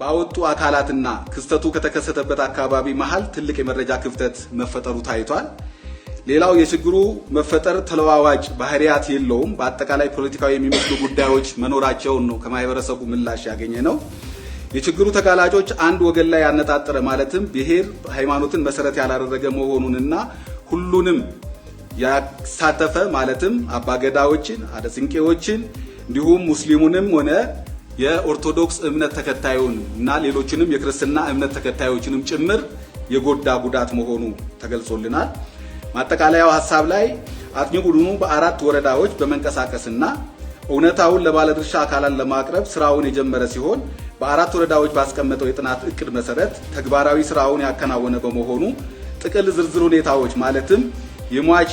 ባወጡ አካላትና ክስተቱ ከተከሰተበት አካባቢ መሀል ትልቅ የመረጃ ክፍተት መፈጠሩ ታይቷል። ሌላው የችግሩ መፈጠር ተለዋዋጭ ባህሪያት የለውም፣ በአጠቃላይ ፖለቲካዊ የሚመስሉ ጉዳዮች መኖራቸውን ነው ከማህበረሰቡ ምላሽ ያገኘ ነው። የችግሩ ተጋላጮች አንድ ወገን ላይ ያነጣጠረ ማለትም ብሔር፣ ሃይማኖትን መሰረት ያላደረገ መሆኑንና ሁሉንም ያሳተፈ ማለትም አባገዳዎችን፣ አደስንቄዎችን እንዲሁም ሙስሊሙንም ሆነ የኦርቶዶክስ እምነት ተከታዩን እና ሌሎችንም የክርስትና እምነት ተከታዮችንም ጭምር የጎዳ ጉዳት መሆኑ ተገልጾልናል። ማጠቃለያው ሀሳብ ላይ አጥኚ ቡድኑ በአራት ወረዳዎች በመንቀሳቀስና እውነታውን ለባለድርሻ አካላት ለማቅረብ ስራውን የጀመረ ሲሆን በአራት ወረዳዎች ባስቀመጠው የጥናት እቅድ መሰረት ተግባራዊ ስራውን ያከናወነ በመሆኑ ጥቅል ዝርዝር ሁኔታዎች ማለትም የሟች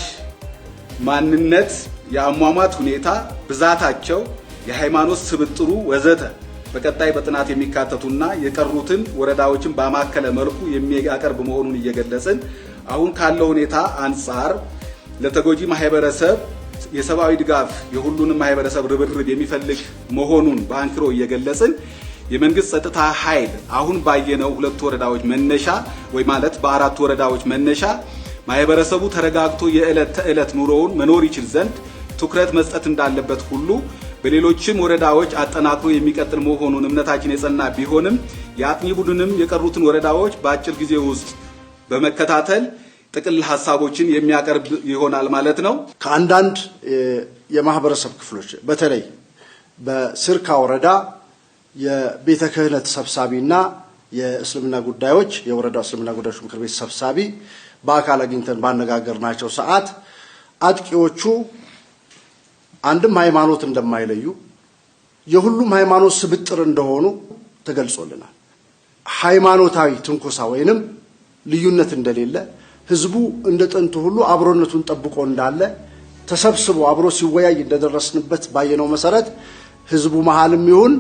ማንነት፣ የአሟሟት ሁኔታ፣ ብዛታቸው የሃይማኖት ስብጥሩ ወዘተ በቀጣይ በጥናት የሚካተቱና የቀሩትን ወረዳዎችን በማከለ መልኩ የሚያቀርብ መሆኑን እየገለጽን አሁን ካለው ሁኔታ አንጻር ለተጎጂ ማህበረሰብ የሰብአዊ ድጋፍ የሁሉንም ማህበረሰብ ርብርብ የሚፈልግ መሆኑን በአንክሮ እየገለጽን የመንግስት ጸጥታ ኃይል አሁን ባየነው ሁለት ወረዳዎች መነሻ ወይ ማለት በአራት ወረዳዎች መነሻ ማህበረሰቡ ተረጋግቶ የዕለት ተዕለት ኑሮውን መኖር ይችል ዘንድ ትኩረት መስጠት እንዳለበት ሁሉ በሌሎችም ወረዳዎች አጠናክሮ የሚቀጥል መሆኑን እምነታችን የጸና ቢሆንም የአጥኚ ቡድንም የቀሩትን ወረዳዎች በአጭር ጊዜ ውስጥ በመከታተል ጥቅል ሀሳቦችን የሚያቀርብ ይሆናል ማለት ነው። ከአንዳንድ የማህበረሰብ ክፍሎች በተለይ በስርካ ወረዳ የቤተ ክህነት ሰብሳቢና የእስልምና ጉዳዮች የወረዳው እስልምና ጉዳዮች ምክር ቤት ሰብሳቢ በአካል አግኝተን ባነጋገርናቸው ሰዓት አጥቂዎቹ አንድም ሃይማኖት እንደማይለዩ የሁሉም ሃይማኖት ስብጥር እንደሆኑ ተገልጾልናል። ሃይማኖታዊ ትንኮሳ ወይንም ልዩነት እንደሌለ ህዝቡ እንደ ጥንቱ ሁሉ አብሮነቱን ጠብቆ እንዳለ ተሰብስቦ አብሮ ሲወያይ እንደደረስንበት ባየነው መሰረት ህዝቡ መሃልም ይሁን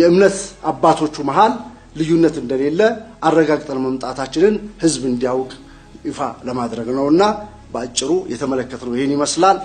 የእምነት አባቶቹ መሃል ልዩነት እንደሌለ አረጋግጠን መምጣታችንን ህዝብ እንዲያውቅ ይፋ ለማድረግ ነውና በአጭሩ የተመለከትነው ይህን ይመስላል።